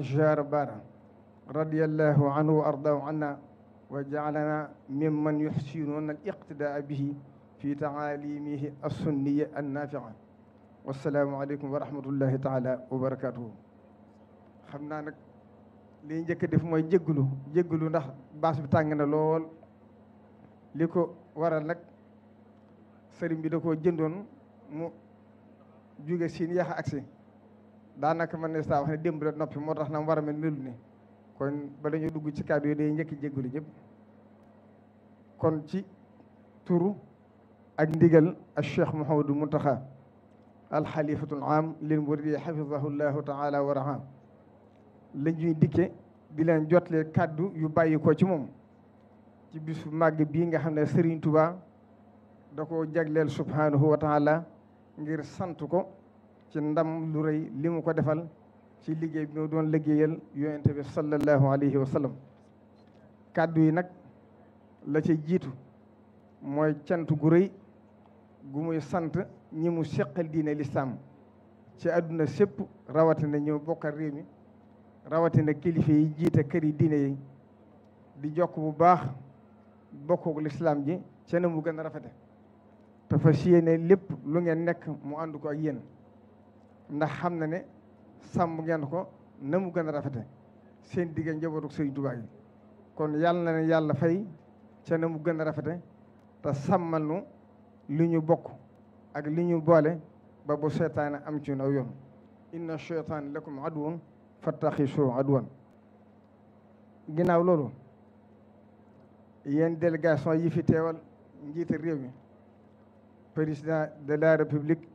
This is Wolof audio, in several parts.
جار بارا رضي الله عنه وأرضاه عنا وجعلنا ممن يحسنون الاقتداء به في تعاليمه السنية النافعة والسلام عليكم ورحمة الله تعالى وبركاته خمنا نك لي نجيك ديف موي جيغلو جيغلو نده باس بي تانغنا لول ليكو liko نك nak بي داكو جندون مو جوغي سين joge اكسي daanaka mën na saa wax ne noppi moo tax na mu war a mel ni kon ba dañu dugg ci kàddu yi day njëkki jéggulu ñëpp kon ci turu ak ndigal ak cheikh Mouhamadou Mountakha alxalifatul am lil muridi xafizahu llahu taala wa raha la ñuy di leen jotle kàddu yu bàyyi ko ci moom ci bisu màgg bii nga xam ne Serigne tuba da ko jagleel subhanahu wa taala ngir sant ko ci ndam lu rëy li mu ko defal ci liggéey bi mu doon liggéeyal yonente bi sallallahu alayhi wa sallam kàddu yi nag la ci jiitu mooy cant gu rëy gu muy sant ñi mu seqal diine lislaam ci àdduna sépp rawatina ñu bokkal réew mi rawatina kilifa yi jiite kër yi diine yi di jokk bu baax bokkook lislaam ji cene mu gën a rafete te fas yéene lépp lu ngeen nekk mu ànd ko ak yéen ndax xam na ne sàmm ngeen ko na mu gën a rafete seen digg njabootu sëñ Tuubaa yi kon yàlla na ne yàlla fay ca na mu gën a rafete te sàmmal nu li ñu bokk ak li ñu boole ba bu seytaane am ci naw yoon inna seytaane lakum aduwun fattaxisu aduwan ginnaaw loolu yéen délégation yi fi teewal njiite réew mi président de la république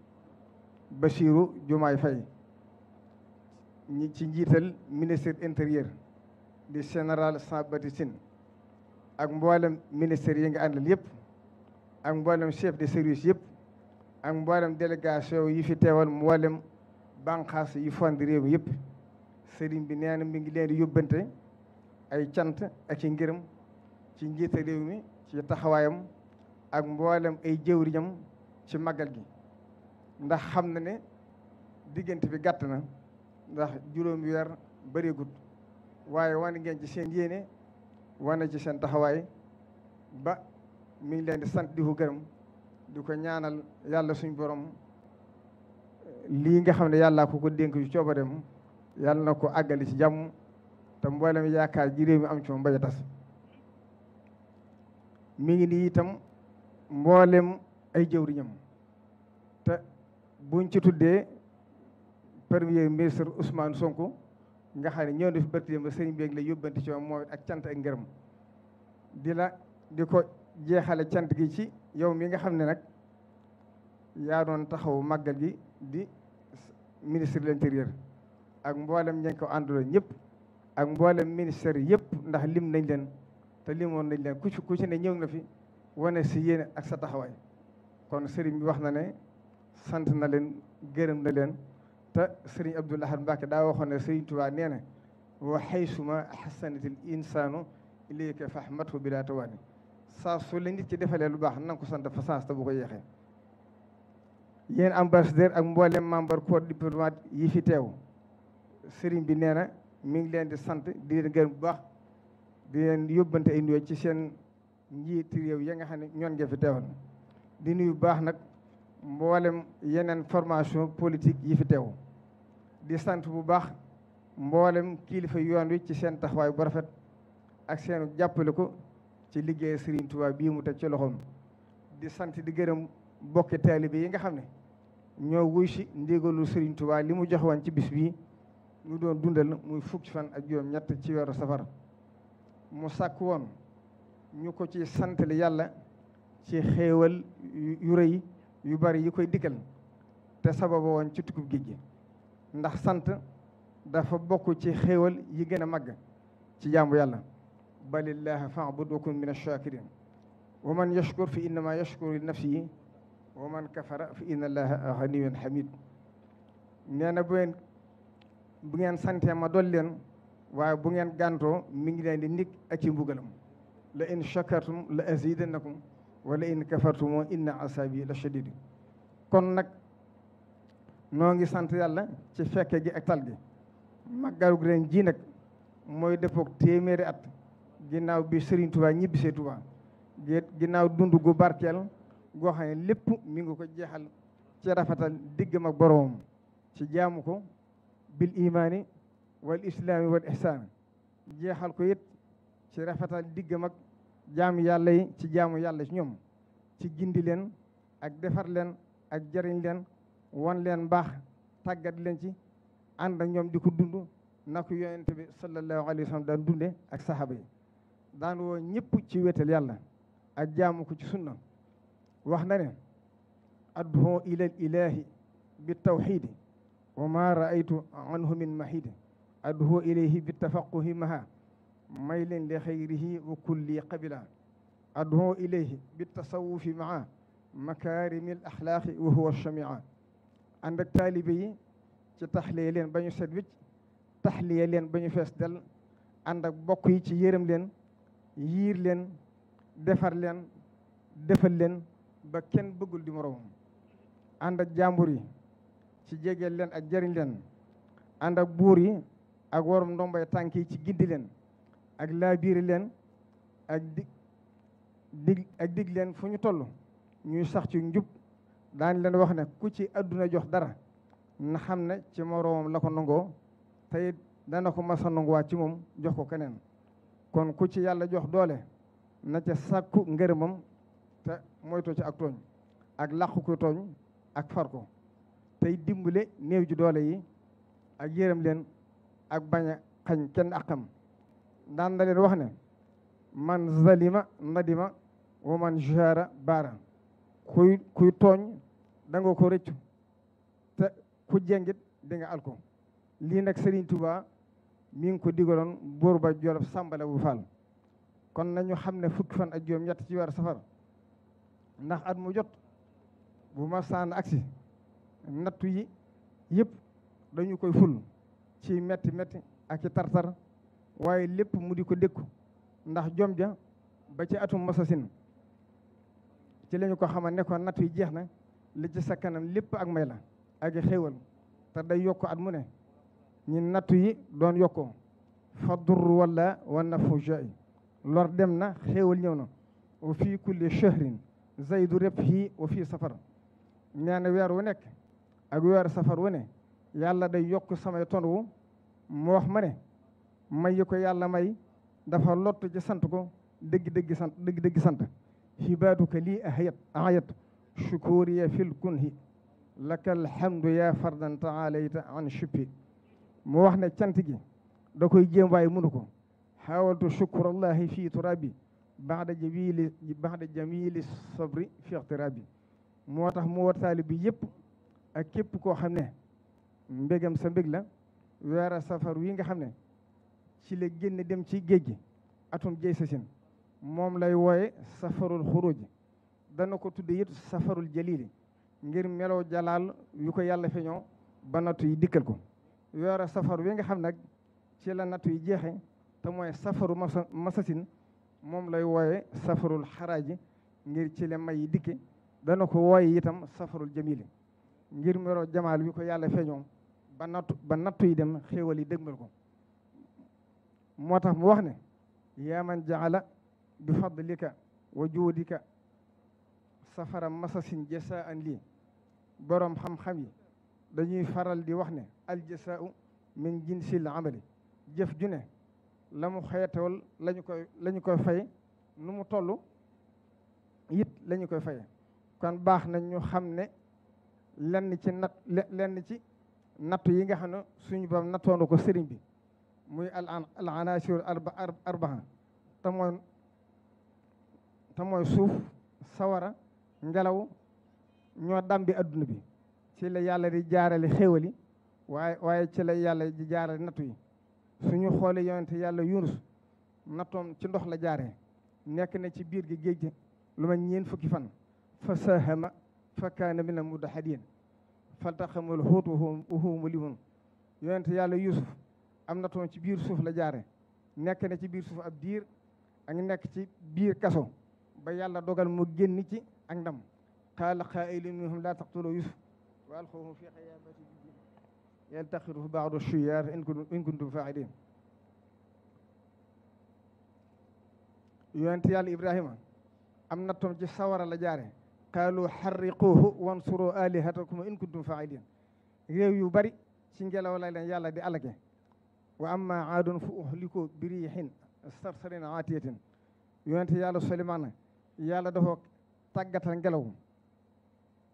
Bassirou Diomaye Faye ñi ci njiital ministre intérieur di sénéral Jean-Baptiste ak mboolem ministère yi nga àndal yëpp ak mboolem chef de service yëpp ak mboolem délégation yi fi teewal mboolem banqaas yi fond réew yëpp sëriñ bi nee na mi ngi leen di yóbbante ay cant ak ci ngërëm ci njiital réew mi ci taxawaayam ak mboolem ay jëwriñam ci màggal gi ndax xam na ne diggante bi gàtt na ndax juróom weer bëreegut waaye wane ngeen ci seen yéene wane ci seen taxawaay ba mi ngi leen di sant di ko gërëm di ko ñaanal yàlla suñ borom lii nga xam ne yàllaa ko ko dénk yu coobareem yàlla na ko àggali ci jàmm te mboolem yaakaar ji réew mi am ci moom bañ tas mi ngi nii itam mboolem ay jëwriñam buñ ci tuddee premier ministre Ousmane Sonko nga xam ne ñoo def bërti ba sëriñ bi la yóbbanti ci moom mooy ak cant ak ngërëm di la di ko jeexale cant gi ci yow mi nga xam ne nag yaa doon taxawu màggal gi di ministre de l'intérieur ak mboolem ña ko ànduloo ñëpp ak mboolem ministère yëpp ndax lim nañ leen te limoon nañ leen ku ci ne ñëw na fi wane si yéen ak sa taxawaay kon sëriñ bi wax na ne sant na leen gërëm na leen te sëriñ Abdoul Ahad Mbacké daa waxoon ne sëriñ Tuubaa nee na wa xaysuma xasanatil insaanu ilayka fahmathu bilaa tawaani saa su la nit ci defalee lu baax na ko sant fa saas te bu ko yeexee yéen ambassadeur ak mboolem membre corps diplomate yi fi teew sëriñ bi nee na mi ngi leen di sant di leen gërëm bu baax di leen yóbbante ay nuyoo ci seen njiiti réew ya xam ne ñoon nga fi baax nag mboolem yeneen formation politique yi fi teew di sant bu baax mboolem kilifa yoon wi ci seen taxawaay bu rafet ak seen jàppale ko ci liggéey Serigne Touba bii mu teg ci loxoom di sant di gërëm bokki taalibe yi nga xam ne ñoo wuy si ndigalu Serigne Touba li mu jox ci bis bii ñu doon dundal muy fukki fan ak juróom ñett ci weeru safar mu sàkk woon ñu ko ci santale yàlla ci xéewal yu yu bari yu koy dikkal te sababu won ci tukub géej ndax sant dafa bokku ci xewal yi gëna mag ci jambu yàlla balillahi fa'budukum wa min ash-shakirin wa man yashkur fi innama yashkuru li nafsihi wa man kafara fi inna allaha ghaniyyun hamid nee na bu ngeen bu ngeen santee ma dool leen waaye bu ngeen gàntoo mi ngi leen di ndik ak ci mbugalam la in shakartum la azidannakum wala in kafartumoo inna asabi la shadid kon nag noo ngi sant yàlla ci fekke gi ak tal gi màggalu ren ji nag mooy defoog téeméeri at ginnaaw bi Serigne Touba ñibbisee Touba ginnaaw dund gu barkeel goo xam ne lépp mi ngi ko jeexal ci rafetal diggam ak boroomam ci jaamu ko bil imaani wal islaami wal ihsaan jeexal ko it ci rafetal diggam ak jaamu yàlla yi ci jaamu yàlla ci ñoom ci gindi leen ak defar leen ak jariñ leen wan leen mbaax tàggat leen ci ànd ak ñoom di ko dund na ko yonent bi sallallahu alayhi wa sallam daan dunde ak saxaaba yi daan woo ñëpp ci wéetal yàlla ak jaamu ko ci sunna wax na ne adduhu ilal ilahi bi tawxidi wa ma raaytu anhu min mahidi adduhu ilayhi bi tafaquhi maha ميل لخيره وكل قبلا أدعو إليه بالتصوف مع مكارم الأخلاق وهو الشميعة ànd ak taalibe yi ci taxliye leen ba ñu set wicc taxliye leen ba ñu fees del ànd ak bokk yi ci yërëm leen yiir leen defar leen defal leen ba kenn bëggul di moroomam ànd ak jàmbur yi ci jegeel leen ak jëriñ leen ànd ak buur yi ak warum ndombay tànk yi ci gindi leen ak laabiiri leen ak dig dig ak dig leen fu ñu toll ñuy sax ci njub daan leen wax ne ku ci àdduna jox dara na xam ne ci moroomam la ko nangoo tey dana ko masa nanguwaat ci moom jox ko keneen kon ku ci yàlla jox doole na ca sàkku ngërëmam te moytu ci ak tooñ ak làqu ko tooñ ak far ko tey dimbale néew ji doole yi ak yërëm leen ak bañ a xañ kenn àqam daan na wax ne man zalima nadima wa man jara baara kuy kuy tooñ da ko rëccu te ku jengit di alko lii nag Serigne Touba mi ngi ko digaloon buur ba jolof sàmbale bu faal kon nañu xam ne fukki fan ak juróom ñett ci weer safar ndax at mu jot bu ma saan aksi nattu yi yëpp dañu koy ful ci metti metti ak ci tartar waye lépp mu di ko ndax jom ja ba ci atum masasin ci lañu ko xama ne ko natt yi jeex li ci sa kanam lépp ak mayla la ak xewal ta day yokk at mu ne ñi nattu yi doon yokkoo fadr wala wa lor dem na xéewal ñëw wa kulli shahrin zaid rebhi wa fi safar neena wer wu nek ak wer safar wu ne yàlla day yokku samay ton mo wax ma ne may ko yàlla may dafa lott ci sant ko dëgg-dëgg sant dëgg-dëgg sant hibaatuka lii ahayat ahayat shukuriya fil kunhi lakal hamdu ya fardan taalayta an shibi mo wax ne cant gi da koy jéem waaye mënu ko xawaltu shukurallahi fii turabi بعد جميل بعد جميل الصبر في اقترابي موتاخ tax mu war taalib bi yëpp ak képp koo xam ne ويرا سفر ويغا خامني ci la génn dem ci géej gi atum jey sasin moom lay wooye safarul xuruji dana ko tudd it safarul jalili ngir melow jalaal yu ko yàlla feeñoo ba nattu yi dikkal ko weeru safar wi nga xam nag ci la nattu yi jeexe te mooy safaru masasin moom lay wooye safarul xaraaji ngir ci la may yi dikke dana ko wooye itam safarul jamili ngir melow jamaal wi ko yàlla feeñoo ba nattu ba nattu yi dem xéewal yi dëgmal ko moo tax mu wax ne yaa man jaala bi fadlika wa juudika safara masasin jasaan lii boroom xam-xam yi dañuy faral di wax ne aljasaau min jinsil amali jëf ju ne la mu xeetewal lañu koy la ñu koy fay nu mu toll it la koy faye kon baax na ñu xam ne lenn ci nat lenn ci nattu yi nga xam ne suñu bam nattoonu ko sëriñ bi muy al alanaasur arbaha te mooy te mooy suuf sawara ngelaw ñoo dambi adduna bi ci la yàlla di jaarale xéewal yi waaye ci la yàlla di jaarale nattu suñu xoolee yonente yàlla yunus nattoom ci ndox la jaaree nekk na ci biir gi géej gi ñeen fukki fan fa sahama fa kaana mina mudahadin faltaxamul xuut waxu mu lihun yonente yàlla yusuf amna ton ci bir souf la jare nek na ci bir souf ab dir ak nek ci bir kasso ba yàlla dogal mu génn ci ak ndam qaala qaa'ilun minhum la taqtulu yusuf wa alxuuhu fi xayaabati juddi yaltaxiruhu ba'du shiyar in kuntum in faa'iliin yonent yàlla ibrahima am na toon ci sawara la jare qalu harriquhu wansuru alihatakum in kuntum fa'ilin rew yu bari ci ngelaw la len yàlla di alake wa amma aadun fa uhliku bi riihin sarsarin aatiyatin yonente yàlla Suleymaan yàlla dafa tàggatal ngelaw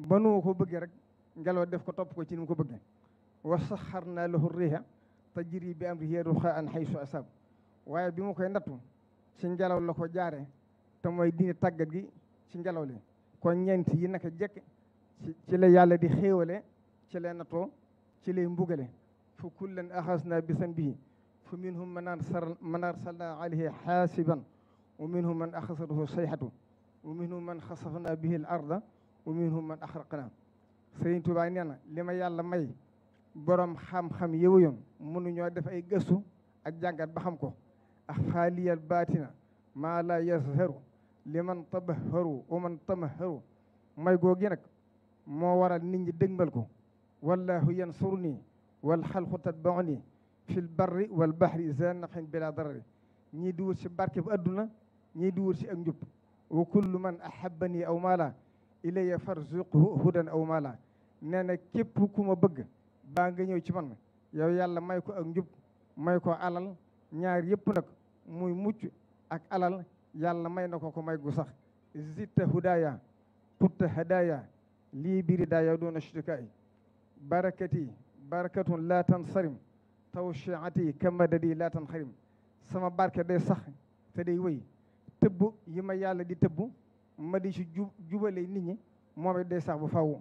ba nu ko bëggee rek ngelaw def ko topp ko ci ni mu ko bëggee wa saxarnaa lahu riiha tajri bi amrihi ruxaan haysu asab waaye bi mu koy nattu ci ngelaw la ko jaare te mooy diine tàggat gi ci ngelaw li kon ñeent yi naka jekk ci la yàlla di xéewale ci lay nattoo ci lay mbugale فكلا أخذنا بذنبه فمنهم من أرسلنا عليه حاسبا ومنهم من أخذته صيحته ومنهم من خسفنا به الأرض ومنهم من أخرقنا Sëriñ Tuubaa nee na li ma yàlla may borom xam-xam yëwuyoon mënuñoo def ay gëstu ak jàngat ba xam ko ak xaaliyal baatina maa la yazharu li man tabaharu wa man tamaharu may googi nag moo waral nit ñi dëgmal ko wallahu yansuru nii والحلق تتبعني في البر والبحر زان نحن بلا ضرر نيدور سي بارك ادنا نيدور سي اكنجب وكل من احبني او مالا الي فرزق هدى او مالا نانا كيبو كوما بغ باغي نيو سي مان يا يالا مايكو اكنجب مايكو علال نيار ييب نك موي موتش اك علال يالا ماي نكو كو ماي غوسخ زيت هدايا put hadaya li biri da ya do na barakatun laa tansarim tawshiati kamadadi laa tanxarim sama barke day sax te day wéy tëbb yi ma yàlla di tëbb ma di ci ju jubale nit ñi moom it day sax bu faw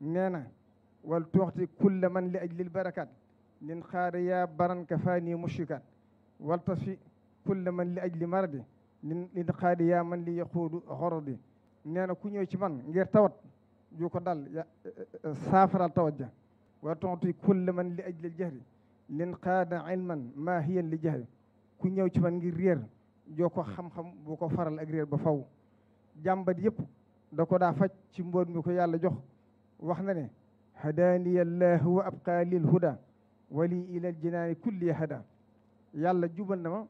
nee na wal tuuxti kulla man li ajlil barakat lin xaada yaa baranka faa nii mushrikat wal tasfi kulla man li ajli maradi lin lin xaada yaa man li yaquudu xorodi nee na ku ñëw ci man ngir tawat ju ko dal saafaraal tawat ja وتعطي كل من لأجل الجهل لن قاد علما ما هي لجهل ku ñëw ci man ngir réer joo ko xam-xam bu ko faral ak réer ba faw jàmbat yëpp da ko daa faj ci mbóot mi ko yàlla jox wax na ne hadaniya allah wa abqa lil huda wali ilal jinaani kulli hada yàlla jubal na ma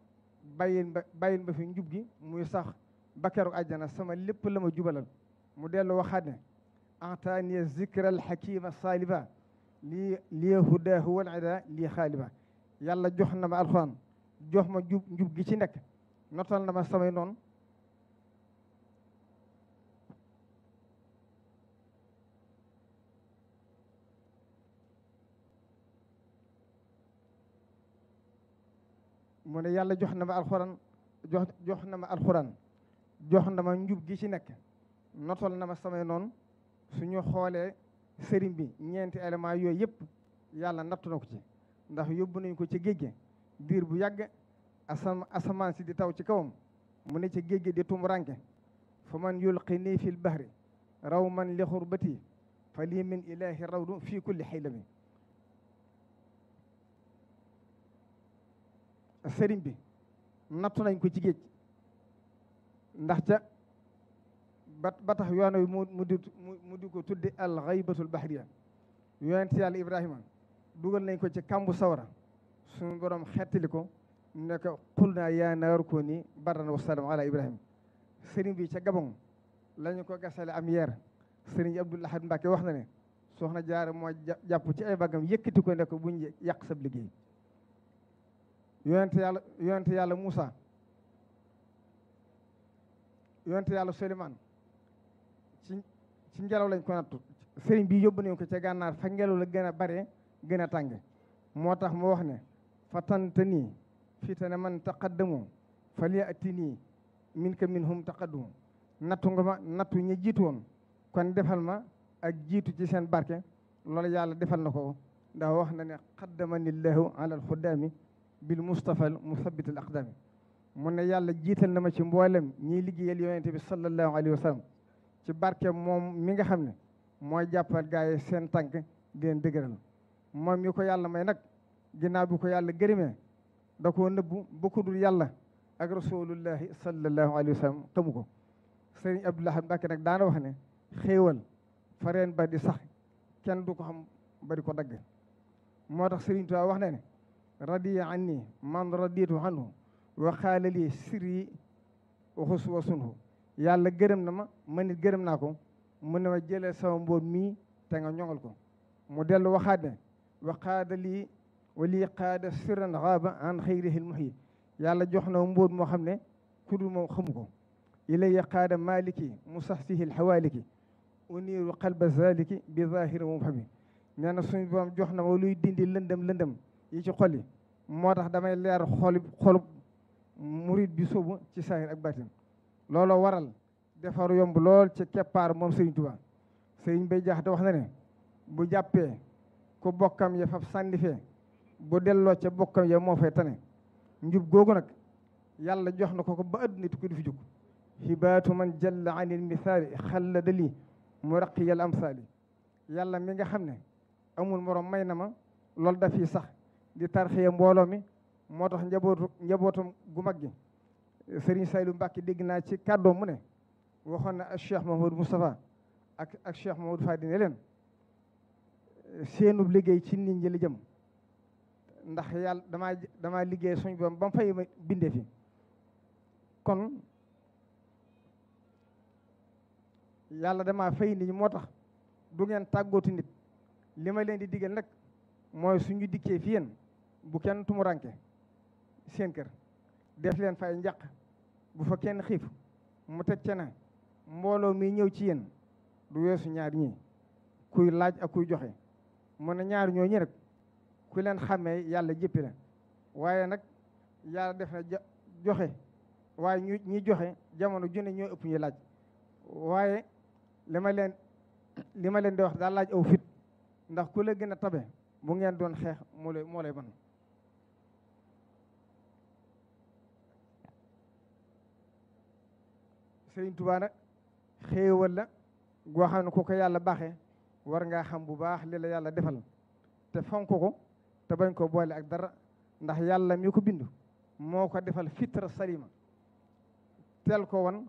bàyyin ba bàyyin ba fi njub gi muy sax bakeru àjjana sama lépp la ma jubalal mu dellu waxaat ne ataaniya zikra alxakima saliba لي لي هدا هو العدا لي خالبا يلا جوحنا مع الخان جوح ما جوب جوب جيتي نك نطلنا ما سمينون من يلا جوحنا مع الخان جوح جوحنا مع الخان جوحنا ما جوب جيتي نك نطلنا ما سمينون سنيو خاله sëriñ bi ñeenti élément yooyu yëpp yàlla nattu na ko ci ndax yóbbu nañ ko ci géej gi diir bu yàgg asam asamaan si di taw ci kawam mu ne ci géej di tumuranke fa man yulqi nii fil bahri raw man li xurbati fa lii min ilaahi rawdu fii kulli xaylami sëriñ bi nattu nañ ko ci géej ndax ca ba batax yoon wi mu di mu di ko tudde al xaybatul bahriya yonent yàlla ibrahima dugal nañ ko ci kambu sawara suñu borom xettali ko ne ko xul naa yaa naaru ko ni baran wa salaam ala ibrahima sëriñ bi ca gabon lañu ko gasale am yeer sëriñ abdul ahad mbàkke wax na ne soxna jaar moo jàpp ci ay baggam yëkkati ko ne ko buñ yàq sab liggéey yonent yàlla yonent yàlla moussa yàlla suleymaan سنجالو لين كوناتو سيرين بي يوبني كو تي غانار فانغيلو لا غينا باري غينا تانغ موتاخ مو وخني فتنتني فتن من تقدمو فلياتني منك منهم تقدم ناتوغما ناتو ني جيتون كون ديفال ما اك جيتو جي سين باركه لولا يالا ديفال نكو دا وخني قدمني الله على الخدام بالمصطفى المثبت الاقدام من يالا جيتال نما سي مبولم ني ليغيال يونتبي صلى الله عليه وسلم ci barke moom mi nga xam ne mooy jàppal gaa seen tànk di leen moom mi ko yàlla may nag ginnaaw ko yàlla gërëmee da koo nëbbu ba yàlla ak rasulullahi sallallahu alayhi wa sallam xamu ko sëriñ Abdoulaye Mbacke nag daana wax ne xéewal fa reen ba di sax kenn du ko xam ba ko dagg moo tax sëriñ Tuubaa wax ne radiya anni man raditu anhu wa xaala li sirri wa xuswa sunhu yàlla gërëm na ma man it gërëm naa ko mu ne ma jëlee sama mbóot mii te nga ñongal ko mu dellu waxaat ne wa qaada lii wa lii qaada sirran xaaba an xayrihi lmuhi yàlla jox na mbóot moo xam ne ku moom xam ko ilaya qaada maliki mu sax hawaliki lxawaaliki uniiru qalba zaliki bi zahiri moom fami nee na suñu boom jox na ma luy dindi lëndëm lëndëm yi ci xol yi moo tax damay leer xol xolub murid bi sóobu ci saahir ak baatin lolo waral defar yomb lol ci keppaar moom sëriñ Tuubaa sëriñ Bay Jaxate wax na ne bu jappé ku bokkam ya fa sànni bu dello ci bokkam ya mo fay tane njub googu nak yàlla jox na ko ko ba àdduna tukki du fi jóg hibaatu man jalla al misaali khallad li mu al amsal yàlla mi nga xamné amul morom maynama lol da fi sax di tarxiya mbooloo mi moo njabotum gu maggi Serigne Saylou Mbacke dégg naa ci kàddoom mu ne waxoon na ak Cheikh Mahamadou ak ak Cheikh Mahamadou Fadi ne leen seenub liggéey ci nit ñi jëm ndax yàlla damaa damaa liggéey suñ boom ba mu fay bindee fi kon yàlla damaa fay nit moo tax du ngeen tàggootu nit li ma leen di digal nag mooy suñu dikkee fi yéen bu kenn tumuranke seen kër def leen fay njaq bu fa kenn xiif mu teg ca na mbooloo mi ñëw ci yéen du weesu ñaar ñi kuy laaj ak kuy joxe mu ne ñaar ñooñu rek ku leen xàmmee yàlla jëppi la waaye nag yàlla def na joxe waaye ñu ñi joxe jamono junne ñoo ëpp ñu laaj waaye li ma leen li ma leen di wax daal laaj aw fit ndax ku la gën a tabe bu ngeen doon xeex moo lay moo lay mën Sëriñ Tuubaa nag xéewal la goo xam ne ko ko yàlla baaxee war ngaa xam bu baax li la yàlla defal te fonk ko te bañ ko boole ak dara ndax yàlla mi ko bindu moo ko defal fitra salima teel ko wan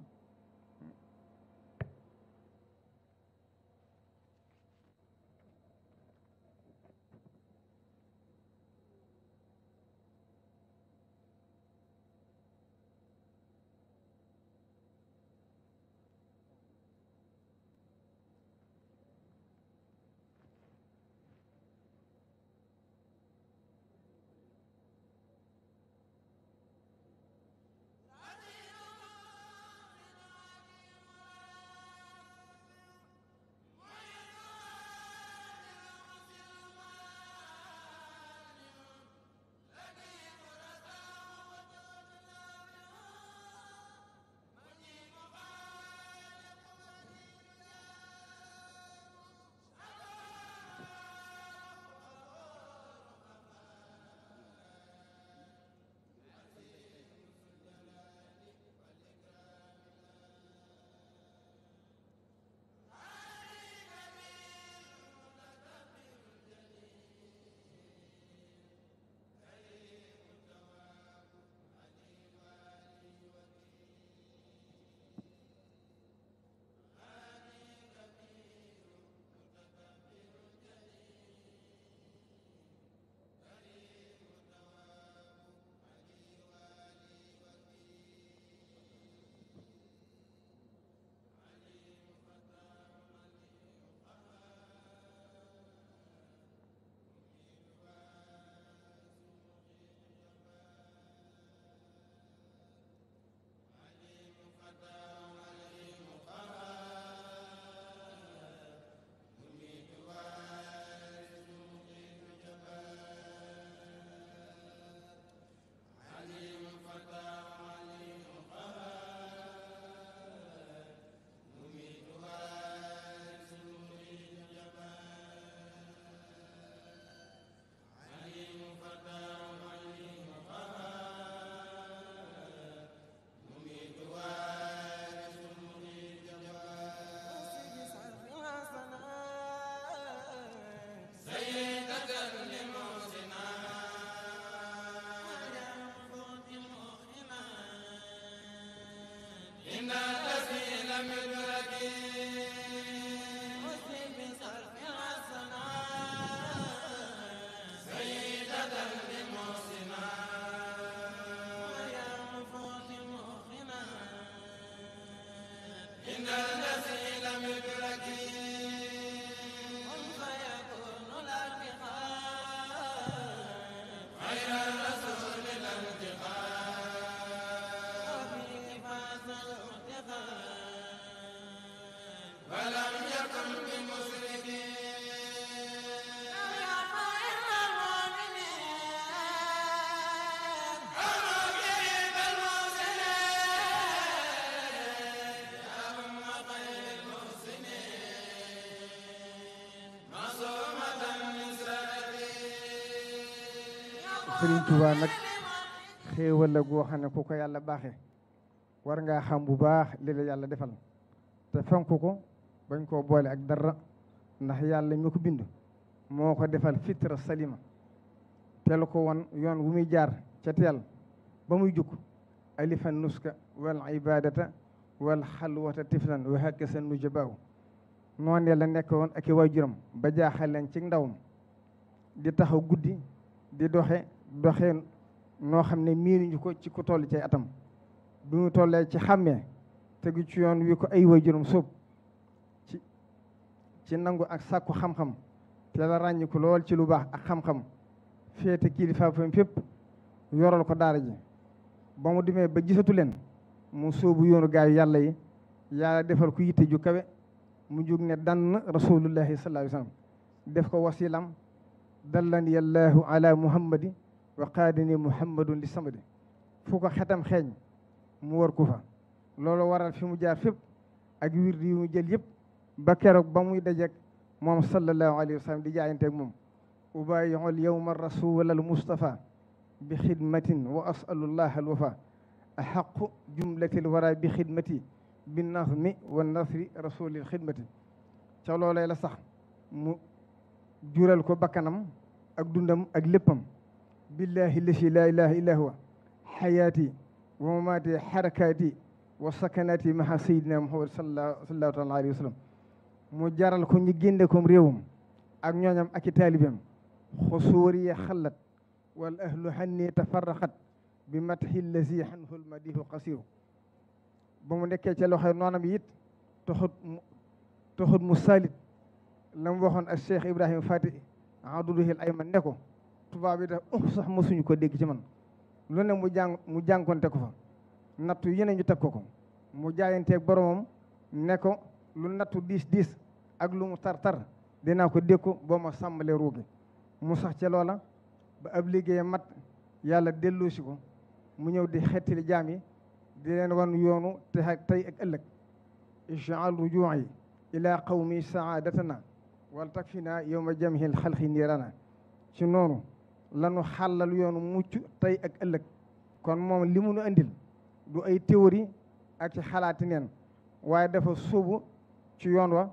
Serigne Touba nag xéewal la goo ku ko yàlla baaxe war ngaa xam bu baax li la yàlla defal te fonk ko bañ koo boole ak dara ndax yàlla mi ko bind moo ko defal fitra salima teel ko won yoon wu muy jaar ca teel ba muy jukk alifa nuska wal ibadata wal xalwata tiflan wa hakasa nujabaaw noonee la nekk woon ak i waajuram ba jaaxal leen ci ndawam di taxaw guddi di doxe doxeen noo xam ne miinuñu ko ci ku toll ci atam bi mu tollee ci xàmmee tegu ci yoon wi ko ay waajuram sóob ci ci nangu ak sàkku xam-xam te la ràññiku lool ci lu baax ak xam-xam féete kilifa fam fépp yoral ko daara ji ba mu demee ba jisatu leen mu sóobu yoonu gaayu yàlla yi yàlla defal ko yitte ju kawe mu jóg ne dann rasulullahi sallallahu alayhi wa sallam def ko wasilam dallani allahu ala muhammadi وقادني محمد لصمد فوق ختم خين مور كوفا لولو ورال في مجار فيب اك ويردي يوم جيل ييب بكر اك باموي داجك موم صلى الله عليه وسلم دي جاينت اك موم وبايع اليوم الرسول المصطفى بخدمه واسال الله الوفاء احق جمله الورى بخدمتي بالنظم والنثر رسول الخدمه تا لولاي لا صح مو جورال كو بكانم اك بالله الذي لا إله إلا هو حياتي ومماتي حركاتي وسكناتي مع سيدنا محمد صلى الله عليه وسلم mu jaral ko ñu génne kom réewam ak ñooñam ak i taalibeem xusuuriya xallat wal ahlu hanni tafarraqat bi matxi lazi xanhu lmadihu qasiru ba mu nekkee ca loxoy noonam it taxut mu taxut mu salit la mu waxoon ak cheikh ibrahima fati aduduhil ayman ne ko tubaab yi def oh sax mosuñu ko dégg ci man lu ne mu jàng mu jànkonte ko fa nattu yeneen ñu teg ko ko mu jaayanteeg boromam ne ko lu nattu diis diis ak lu mu tar tar dinaa ko dékku boo ma sàmmalee ruugi mu sax ca loola ba ab liggéeyam mat yàlla delloosi ko mu ñëw di xettali jaam yi di leen wan yoonu te tey ak ëllëg ijaal rujuu'i ila qawmi na wal takfina yowma jamhil xalqi niirana ci noonu lanu xalal yoonu mucc tey ak ëllëg kon moom li mu nu andil du ay théorie ak ci xalaati neen waaye dafa sóobu ci yoon wa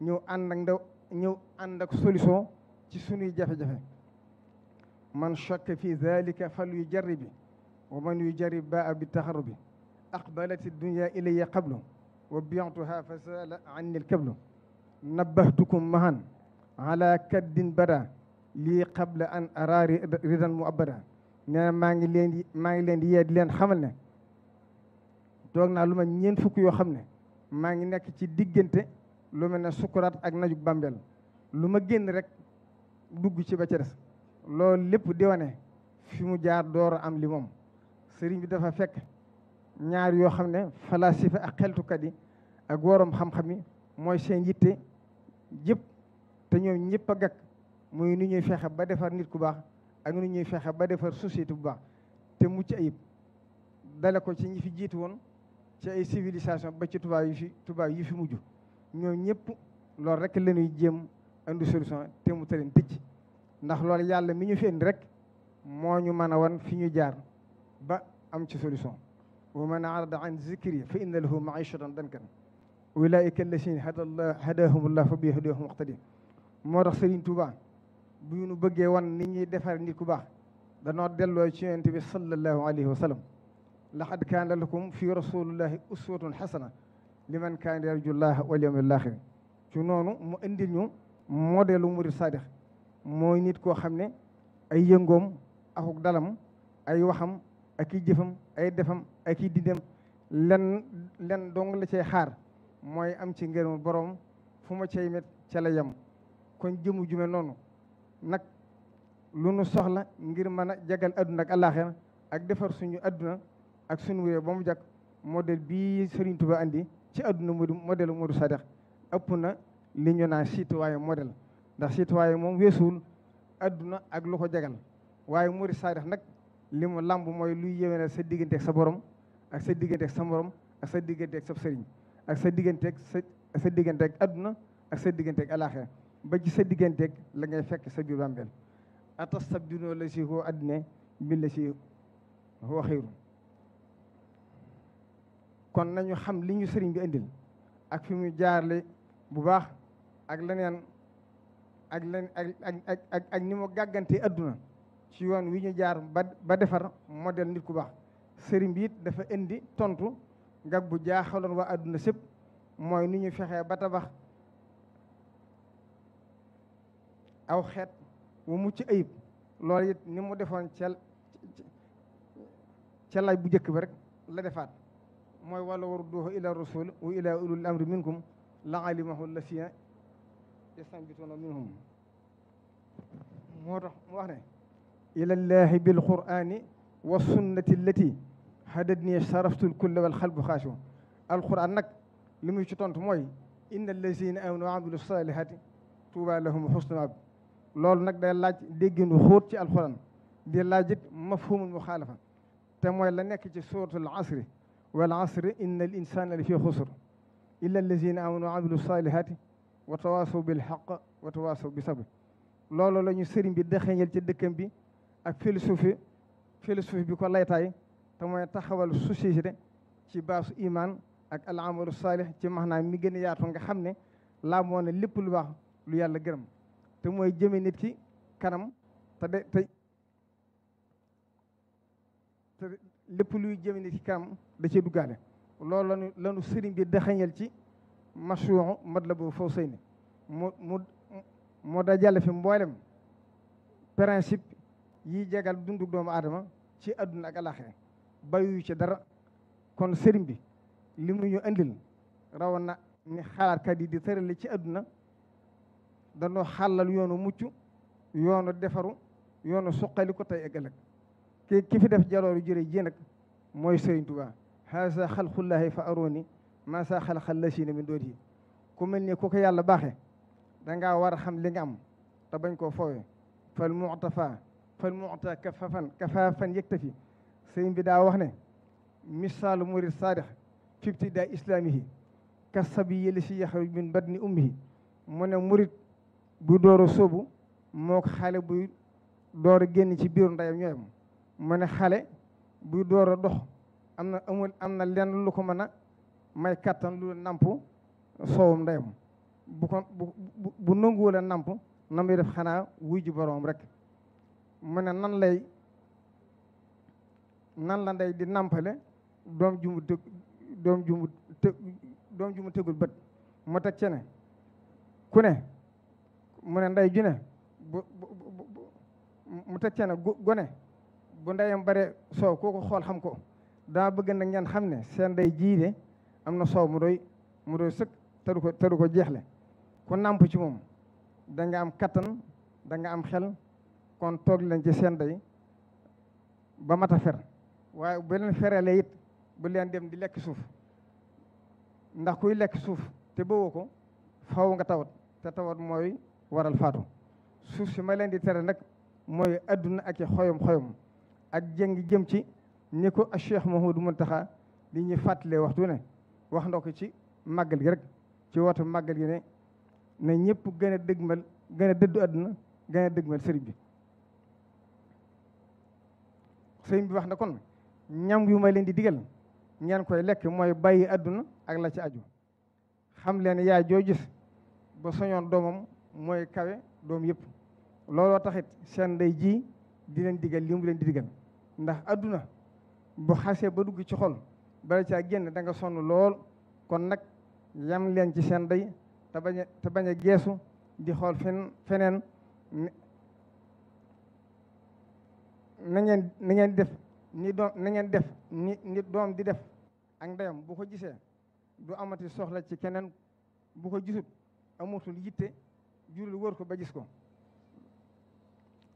ñëw ànd ak ndaw ñëw ànd ak solution ci sunuy jafe-jafe man shakka fi zalika fal yu jarri bi wa man yu jarri ba bi taxaru bi aqbalati dunya ilayya qablu wa biyantuha fasala anni l kablu nabbahtukum mahan ala kaddin bada lii qabla an ara ridan mu abada nee maa ngi leen maa ngi leen di yee di leen xamal ne toog naa lu ma ñeent fukk yoo xam ne maa ngi nekk ci diggante lu mel ne sukuraat ak najug bàmbeel lu ma génn rek dugg ci ba ca loolu lépp di wane fi mu jaar door am li sëriñ bi dafa fekk ñaar yoo xam ne falasifa ak xeltukat yi ak worom xam-xam yi mooy seen yitte jëpp te ñoom ñëpp a muy ni ñuy fexe ba defar nit ku baax ak ni ñuy fexe ba defar société bu baax te mucc ayib dale ko ci ñi fi jitt won ci ay civilisation ba ci tuba yi fi tuba yi fi muju ñoo ñëpp lool rek lañuy jëm andu solution te mu taleen tëj ndax lool yàlla mi ñu fënd rek moo ñu mën a fi ñu jaar ba am ci solution wa man arada an zikri fa inna lahu maishatan dankan ulaika allazina hada الله hadahum allah fa bi hadahum muqtadi moo tax bu nu bëggee wan ni ñuy defar nit ku baax danoo delloo ci yonent bi sallallahu alayhi wa sallam laqad kaana lakum fi rasulillahi uswatun xasana liman kaana yarju llaha wal yawmil axir ci noonu mu indi ñu modèle murid saadix mooy nit koo xam ne ay yëngoom akuk dalam ay waxam ak i jëfam ay defam ak i dindem len len la cay xaar mooy am ci ngërëmu boroom fu ma cay met ca la yem kon jëmu jume noonu nag lu nu soxla ngir mën a jagal adduna ak àllaaxira ak defar suñu àdduna ak suñu réew ba mu jag modèle bii Serigne Touba andi ci àdduna mu di modèle Modou Sadikh ëpp na li ñu naan citoyen modèle ndax citoyen moom weesuwul adduna ak lu ko jagal waaye Modou Sadikh nag li mu làmb mooy luy yéwénal sa digganteek sa borom ak sa digganteeg sa morom ak sa digganteeg sa sëriñ ak sa digganteeg sa sa digganteeg adduna ak sa digganteeg àllaaxira ba ci sa digganteeg la ngay fekk sa biir bàmbeel atastabdiluna la si huwa adna min la si huwa kon nañu xam li ñu sëriñ bi indil ak fi mu jaarle bu baax ak leneen ak len ak ak ni mu gàggante àdduna ci yoon wi ñu jaar ba defar modèle nit ku baax sëriñ biit dafa indi tontu nga bu jaaxaloon wa àdduna sëpp mooy ni ñu fexee ba tabax aw xeet wu ci ayib loolu it ni mu defoon ca ca laaj bu jëkk bi rek la defaat mooy wala warduuhu ila rasul wa ila ulul amri minkum la alimahu lasina yastanbituuna minhum moo tax mu wax ne ila llahi bil qurani wa sunnati allati hadadni sharaftu lkulla wal xalbu xaashiun alquran nag li muy ci tontu mooy inna allazina amanu wa amilu salihati tuuba lahum xusnu mab loolu nak day laaj dégginu xóot ci alquran di laajit mafhumul mukhalafa te moy la nek ci suratul asr wal asr innal insana lafi khusr illa allazina amanu wa amilu salihati wa tawasaw bil haqq wa tawasaw bis sabr loolu lañu ñu bi dëxëñal ci dëkkam bi ak philosophie philosophie bi ko laytaay te moy taxawal société ci baasu iman ak al amalu salih ci maanaam mi gën yaatu nga xamne la moone lépp lu wax lu yàlla gërëm te mooy jëme nit ki kanam te de te lépp luy jëme nit ki kanam da cee duggaale loolu lanu lanu sëriñ bi daxañal ci mashruuxu Matlabul Fawzayni mu mu moo dajale fi mboolem principe yi jagal dundu doomu adama ci àdduna ak alaxira bayuyu ci dara kon sëriñ bi li mu ñu andil rawoon na ni xalaatkat yi di tërale ci àdduna dañu xalal yoonu muccu yoonu defaru yoonu suqali ko tey ak ëllëg ki ki fi def jalooru jëre ji nag mooy Sëriñ Tuubaa haasa xalqullaahi fa aruni ma sa xalqal lasiina min dodi ku melni ku ko yàlla baaxee dangaa war xam li nga am ta bañ ko fowé fal mu'tafa fal mu'ta kafafan kafaafan yektafi sëriñ bi da wax ne misal murid sadiq fi ibtidaa kasabi yëli si min badni ummi mona ne murid bu door a sóobu moo ko xale buy door a génn ci biiru ndeyam ñooyam mu ne xale buy door a dox am na amul am na lenn lu ko mën a may kattan lu namp soowum ndeyam bu ko bu bu nanguwul namp na muy def xanaa wuy ji boroom rek mu ne nan lay nan la ndey di nampale doom ju mu doom ju mu tëg mu bët moo teg ci ne ku ne mu ne ndey june bu mu teg cee ne gone bu ndeyam bare soow kooku xool xam ko daa bëgg na ngeen xam ne seen nday jiide am na soow mu doy mu doy sëkk tëru ko tëru ko jeexle ku nàmp ci moom da am kattan da nga am xel kon toog leen ci seen nday ba mat a fer waaye bu leen ferale it bu leen dem di lekk suuf ndax kuy lekk suuf te bëwoo ko faw nga tawat te tawat mooy waral faatu suuf si ma leen di tere nag mooy àdduna ak i xoyom xoyom ak jëng jëm ci ni ko a Cheikh Mouhamadou taxa li ñuy fàttalee waxtu ne wax na ko ci màggal gi rek ci woote màggal gi ne ne ñëpp gën a dëgmal gën a dëddu adduna gën a dëgmal sëriñ bi sëriñ bi wax na kon ñam yu may leen di diggal ngeen koy lekk mooy bàyyi àdduna ak la ci aju xam leen yaa joo gis ba soñoon doomam mooy kawe doom yëpp looloo taxit seen day ji di leen digal li mu leen di digal ndax àdduna bu xasee ba dugg ci xol bala caa génn danga sonn lool kon nag yam leen ci seen day te bañ te bañ a geesu di xool fen feneen na ngeen na ngeen def ni doom na ngeen def ni ni di def ak ndeyam bu ko jisee du amati soxla ci keneen bu ko gisut amatul yitte jurul wër ko ba gis ko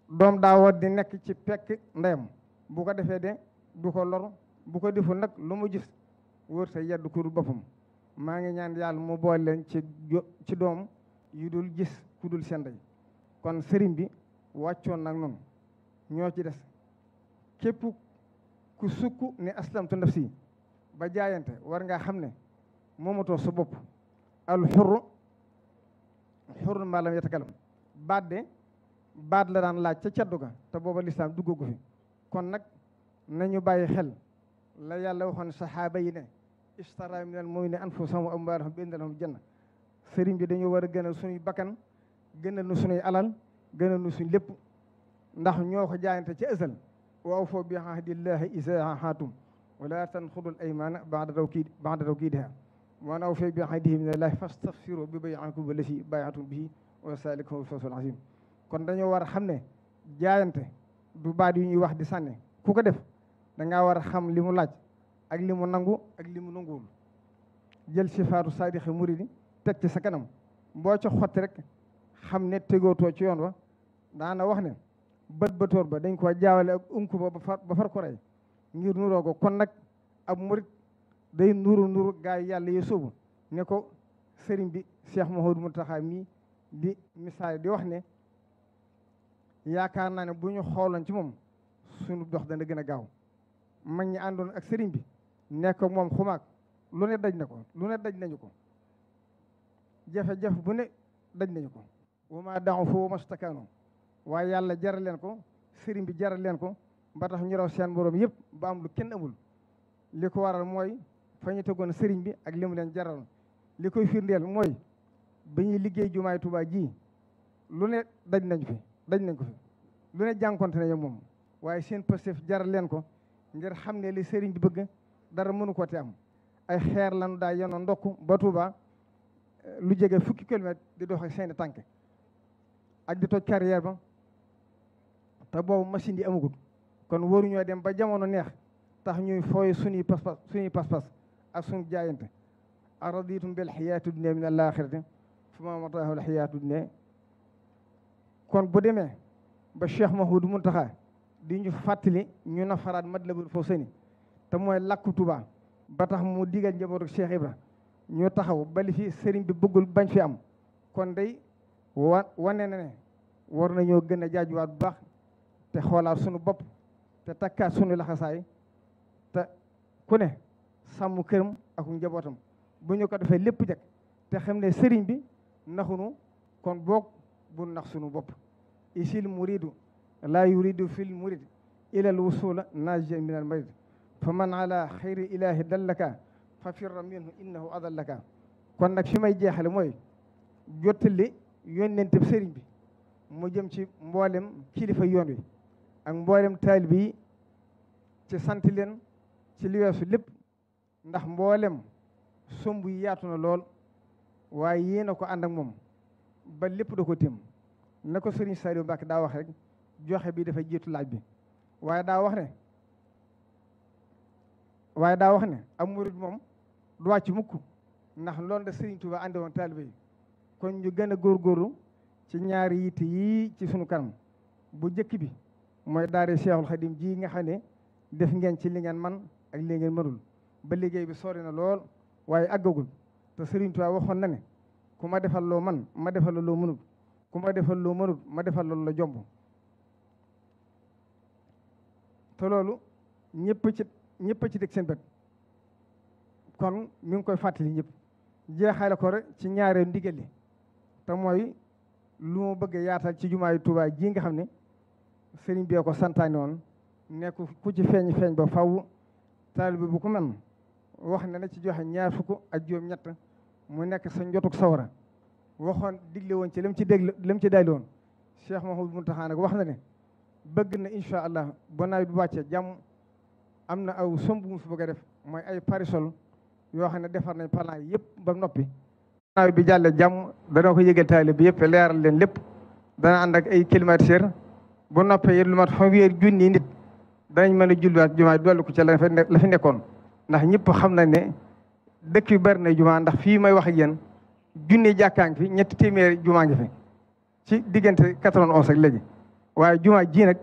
doom daa war di nekk ci pekk ndeyam bu ko defee de du ko lor bu ko deful nag lu mu gis wër sa yedd ku dul boppam maa ngi ñaan yàlla mu boole leen ci doom yu dul gis ku dul seen ndey kon sëriñ bi wàccoon nag noonu ñoo ci des képp ku sukk ne aslamtu nafsi ba jaayante war ngaa xam ne moomatoo sa bopp al xurru xurun maa lam yatakalam baat de baat la daan laaj ca caddu ga te booba lislaam duggagu fi kon nag nañu bàyyi xel la yàlla waxoon saxaaba yi ne istara minal mu'minina anfusahum wa amwaalahum bi anna lahum janna sëriñ bi dañu war a gënal suñuy bakkan gënal nu suñuy alal gënal nu suñ lépp ndax ñoo ko jaayante ca ësal wa awfoo bi ahdillahi izaa ahadtum wala tanqudul aymaana ba'da tawkiid ba'da tawkiidihaa waa awfaa bi ahdihi min allahi fastafsiru bi bay'ikum allazi baayatum bihi wa zaalika huwa al-fawzul aziim kon dañoo war a xam ne jaayante du baat yu ñuy wax di sànni ku ko def da ngaa war a xam li mu laaj ak li mu nangu ak li mu nanguwul jël sifaatu saadixi muridi teg ci sa kanam boo ca xotti rek xam ne tegootoo ci yoon wa daana wax ne bët ba ba dañ koo jaawale ak unku ba ba far ko ngir nuroo ko kon nag ab murit day nuru nuru gaa yi yàlla yi sóobu ne ko sëriñ bi Cheikh Mouhamadou Mountakha mii di misaal di wax ne yaakaar naa ne bu ñu xooloon ci moom suñu dox dana gën a gaaw mag ñi àndoon ak sëriñ bi nekk moom xumaag lu daj na ko lu ne nañu ko jafe-jafe bu ne daj nañu ko wa maa daaw foo mastakaano waaye yàlla jaral leen ko sëriñ bi jaral leen ko ba tax ñu seen boroom yëpp ba am lu kenn amul li ko waral mooy fa ñu tegoon sëriñ bi ak li mu leen jaral li koy firndeel mooy ba ñuy liggéey jumaay Tuubaa ji lu ne daj nañ fi daj nañ ko fi lu ne jànkonte nañu moom waaye seen Pastef jaral leen ko ngir xam ne li sëriñ bi bëgg dara mënu koo te am ay xeer lanu daa yenoon ndokk ba Tuubaa eh, lu jege fukki kilomètre di doxe seeni tànk ak di toj carrière ba te boobu machine yi amagul kon waruñoo dem ba jamono neex tax ñuy fooy suñuy pas-pas suñuy pas-pas ak suñ jaayante araditum bil xayaatu dunya min al axirati fa ma mataahu al xayaatu dunya kon bu demee ba Cheikh Mahmoud Muntaxa di ñu fàttali ñu nafaraat Matlabul Fawzayni te mooy làkku Tuubaa ba tax mu digal njabootu Cheikh Ibra ñu taxaw bali fi sëriñ bi bëggul bañ fi am kon day wa wane na ne war nañoo gën a jaajuwaat bu baax te xoolaat sunu bopp te takkaat sunu laxasaay te ku ne sàmm kërëm ak njabootam bu ñu ko defee lépp jek te xam ne sëriñ bi naxunu kon boog bu nax sunu bopp isil muridu la yuridu fil murid ila al wusul najian min al marid fa man ala khayri ilahi dallaka fa firra minhu innahu adallaka kon nak fi may jeexale mooy jottali sëriñ bi mu jëm ci mboolem kilifa yoon wi ak mboolem taalibe ci sant len ci li wessu lépp ndax mboolem somb yi yaatu na lool waaye yéen a ko ànd moom ba lépp da ko tim na ko sëriñ Saliou Mbacke daa wax rek joxe bii dafay jiitu laaj bi waaye daa wax ne waaye daa wax ne am murid moom du wàcc mukk ndax lool da sëriñ Touba àndi woon taalibe yi kon ñu gën a góorgóorlu ci ñaari yitte yii ci sunu kanam bu jëkk bi mooy daare Cheikhul Khadim ji nga xam ne def ngeen ci li ngeen man ak li ngeen mënul ba liggéey bi sori na lool waaye àggagul te Serigne Touba waxoon na ne ku ma defal loo man ma defal loo mënut ku ma defal loo mënut ma defal la la jombu te loolu ñëpp ci ñëpp ci teg seen bët kon mi ngi koy fàttali ñëpp jeexaale ko rek ci ñaaree ndigal li te mooy lu mu bëgg yaatal ci jumaayu Touba ji nga xam ne Serigne bi ko santaane woon nekk ku ci feeñ feeñ ba faw taalibe bu ko man wax ne na ci joxe ñaar fukk ak juróom-ñett mu nekk sa njotug sawara waxoon digle woon ci lam ci déglu lam ci dayli woon Cheikh Mahmoud Mountakha nag wax na ne bëgg na incha allah ba nawet bi wàcce jàmm am na aw somb mu fi a def mooy ay parisol yoo xam ne defar nañ plan yëpp ba noppi. nawet bi jàllee jàmm dana ko yëgal taali bi yëpp leeral leen lépp dana ànd ak ay climatiseur ba noppee yëpp lu mat fanweeri junni nit danañ mën a julliwaat jumaa dolli ko ca la fa nekkoon. ndax ñëpp xam nañ ne dëkk yu bari na jumaa ndax fii may wax ak yéen junni jàkkaa ngi fi ñetti téeméeri jumaa ngi fi ci diggante 91 ak léegi waaye jumaa ji nag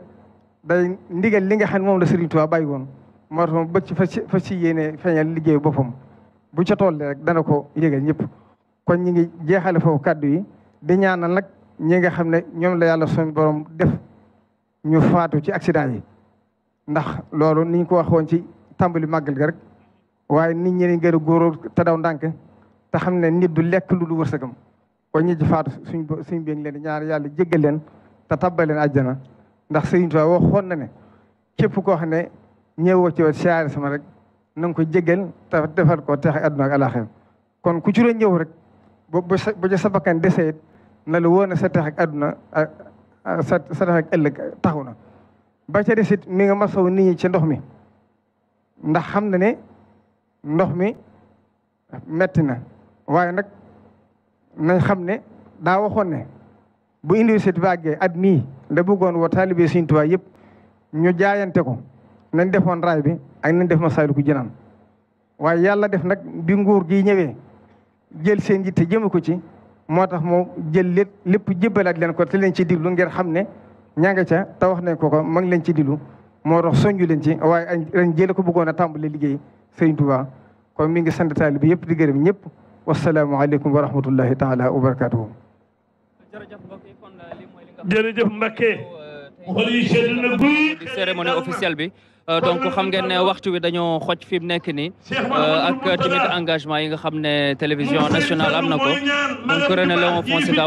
day ndigal li nga xam ne moom la Serigne Touba bàyyi woon moo tax moom bëgg ci fa si yéene feeñal liggéeyu boppam bu ca tool rek dana ko yëgal ñëpp kon ñi ngi jeexale foofu kàddu yi di ñaanal nag ñi nga xam ne ñoom la yàlla suñu boroom def ñu faatu ci accident yi ndax loolu ni ñu ko waxoon ci tàmbali màggal ga rek waaye nit ñi dañ gën a góoroo te daw ndànk te xam ne nit du lekk lu dul wërsëgam wa ñi ci faatu suñ suñ beeg leen ñaar yàlla jéggal leen te tabbal leen àjjana ndax Sëriñ Tuubaa waxoon na ne képp koo xam ne ñëwoo ci siyaare sama rek na ko jéggal te defar ko teex àdduna ak kon ku ci ñëw rek ba ba ca sa bakkan desee na lu woon sa teex ak àdduna sa sa ak ëllëg taxaw na ba ca desit mi nga masaw nit ñi ci ndox mi ndax xam na ne. ndox mi metti na waaye nag nañ xam ne daa waxoon ne bu université bi àggee at mii da bëggoon woo taalibe Sëriñ Tuubaa yëpp ñu jaayante ko nañ defoon raay bi ak nañ def Masaalikul Jinaan waaye yàlla def nag bi nguur gi ñëwee jël seen yitte jëme ko ci moo tax moo jël lépp lépp jëbbalaat leen ko te leen ci diglu ngeen xam ne ña nga ca te wax nañ ko ko mag ngi leen ci diglu moo tax soññu leen ci waaye ren jële ko bëggoon a tàmbale liggéey Sëriñ Tuubaa kon mi ngi sant taalibe bi yëpp di gërëm ñëpp wasalaamualeykum wa rahmatullahi taala wa barakaatuhu. jërëjëf euh, Mbacke. Euh, xol yi sedd na guy. Euh, di cérémonie officielle bi. donc xam ngeen ne waxtu wi dañoo xoj fi mu nekk nii ak tamit engagement yi nga xam ne télévision nationale am na ko donc René Léon Fonseca